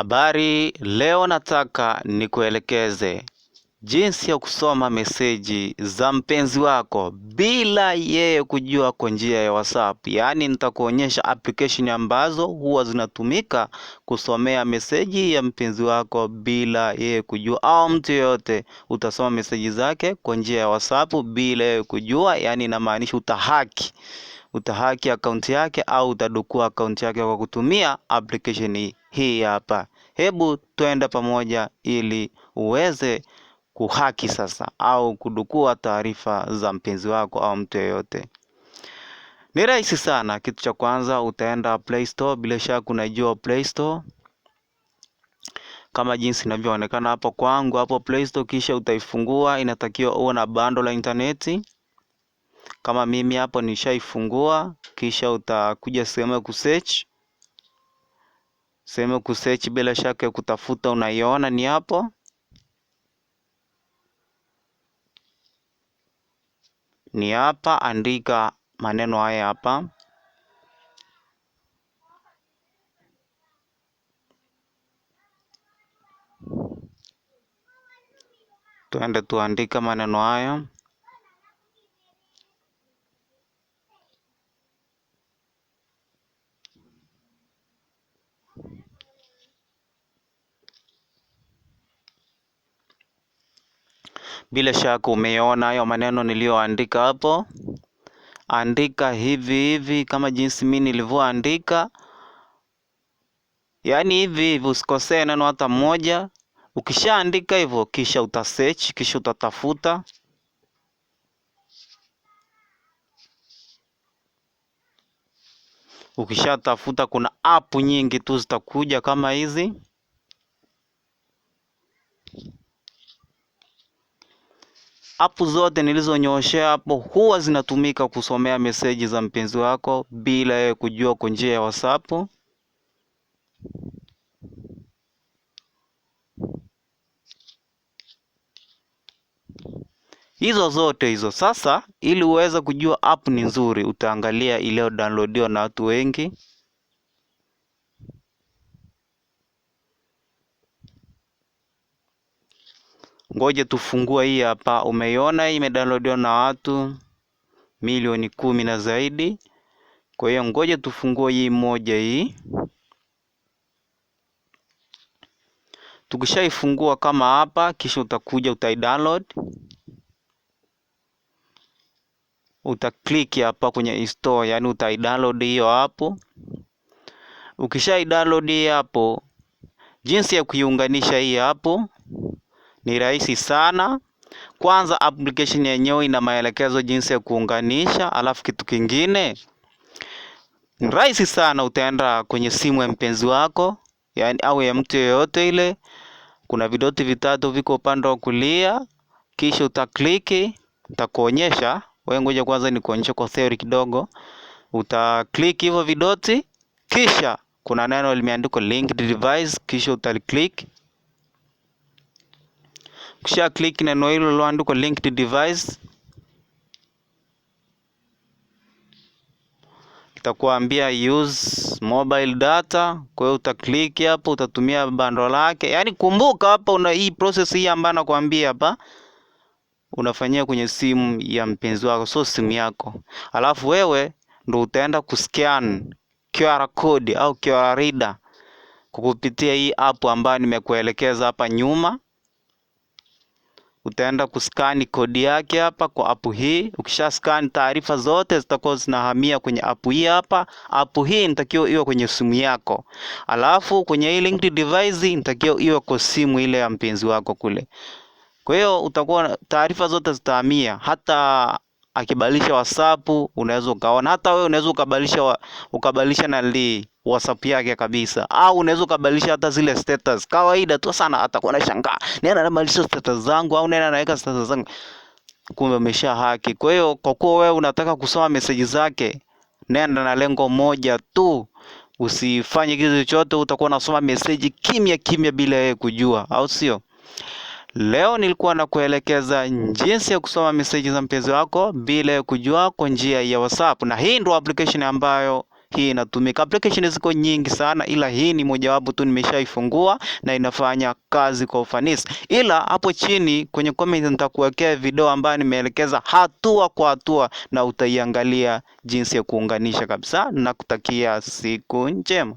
Habari, leo nataka nikuelekeze jinsi ya kusoma meseji za mpenzi wako bila yeye kujua kwa njia ya WhatsApp. Yaani, nitakuonyesha application ambazo huwa zinatumika kusomea meseji ya mpenzi wako bila yeye kujua, au mtu yoyote. Utasoma meseji zake kwa njia ya WhatsApp bila yeye kujua, yaani inamaanisha utahaki utahaki akaunti yake au utadukua akaunti yake kwa kutumia application hii hii hapa. Hebu twende pamoja ili uweze kuhaki sasa au kudukua taarifa za mpenzi wako au mtu yeyote. Ni rahisi sana. Kitu cha kwanza utaenda Play Store, bila shaka unajua Play Store kama jinsi inavyoonekana hapo kwangu hapo Play Store, kisha utaifungua. Inatakiwa uwe na bando la intaneti kama mimi hapo nishaifungua, kisha utakuja sehemu ya kusearch Sehemu kusearch bila shaka ya kutafuta unaiona ni hapo. Ni hapa, andika maneno haya hapa. Tuende tuandika maneno haya Bila shaka umeona hayo maneno niliyoandika hapo. Andika hivi hivi kama jinsi mimi nilivyoandika, yaani hivi hivi, usikosee neno hata mmoja. Ukishaandika hivyo, kisha utasearch, kisha utatafuta Ukishatafuta kuna app nyingi tu zitakuja kama hizi. apu zote nilizonyoshea hapo huwa zinatumika kusomea meseji za mpenzi wako bila yeye kujua kwa njia ya WhatsApp. Hizo zote hizo sasa, ili uweze kujua app ni nzuri, utaangalia iliyo downloadiwa na watu wengi. Ngoje tufungua hii hapa. Umeiona imedownloadiwa na watu milioni kumi na zaidi. Kwa hiyo ngoje tufungue hii moja hii. Tukishaifungua kama hapa, kisha utakuja utaidownload, utaklik hapa kwenye install, yani utaidownload hiyo hapo. Ukishaidownload hii hapo, jinsi ya kuiunganisha hii hapo ni rahisi sana. Kwanza application yenyewe ina maelekezo jinsi ya kuunganisha, alafu kitu kingine ni rahisi sana, utaenda kwenye simu ya mpenzi wako yani, au ya mtu yeyote ile. Kuna vidoti vitatu viko upande wa kulia, kisha utakliki, utakuonyesha wewe. Ngoja kwanza nikuonyesha kwa theory kidogo. Utakliki hivyo vidoti, kisha kuna neno limeandikwa linked device, kisha utaklik kisha click neno hilo liloandikwa linked device, itakuambia use mobile data. Kwa hiyo utaclick hapo, utatumia bando lake. Yaani kumbuka hapa una hii process hii ambayo nakwambia hapa unafanyia kwenye simu ya mpenzi wako, sio simu yako. Alafu wewe ndo utaenda kuscan QR code au QR reader kukupitia hii app ambayo nimekuelekeza hapa nyuma utaenda kuskani kodi yake hapa kwa app hii. Ukisha skani, taarifa zote zitakuwa zinahamia kwenye app hii hapa. App hii inatakiwa iwe kwenye simu yako, alafu kwenye hii linked device inatakiwa iwe kwa simu ile ya mpenzi wako kule. Kwa hiyo utakuwa taarifa zote zitahamia hata akibadilisha WhatsApp unaweza ukaona. Hata wewe unaweza ukabadilisha ukabadilisha na li WhatsApp yake kabisa, au unaweza ukabadilisha hata zile status kawaida tu sana. Atakuwa anashangaa nani anabadilisha status zangu, au nani anaweka status zangu, kumbe umesha haki. Kwa hiyo kwa kuwa wewe unataka kusoma message zake, nenda na lengo moja tu Usifanye kitu chochote, utakuwa unasoma message kimya kimya bila yeye kujua, au sio? Leo nilikuwa na kuelekeza jinsi ya kusoma meseji za mpenzi wako bila ya kujua kwa njia ya WhatsApp, na hii ndio application ambayo hii inatumika. Application ziko nyingi sana, ila hii ni mojawapo tu nimeshaifungua na inafanya kazi kwa ufanisi. Ila hapo chini kwenye comment nitakuwekea video ambayo nimeelekeza hatua kwa hatua, na utaiangalia jinsi ya kuunganisha kabisa, na kutakia siku njema.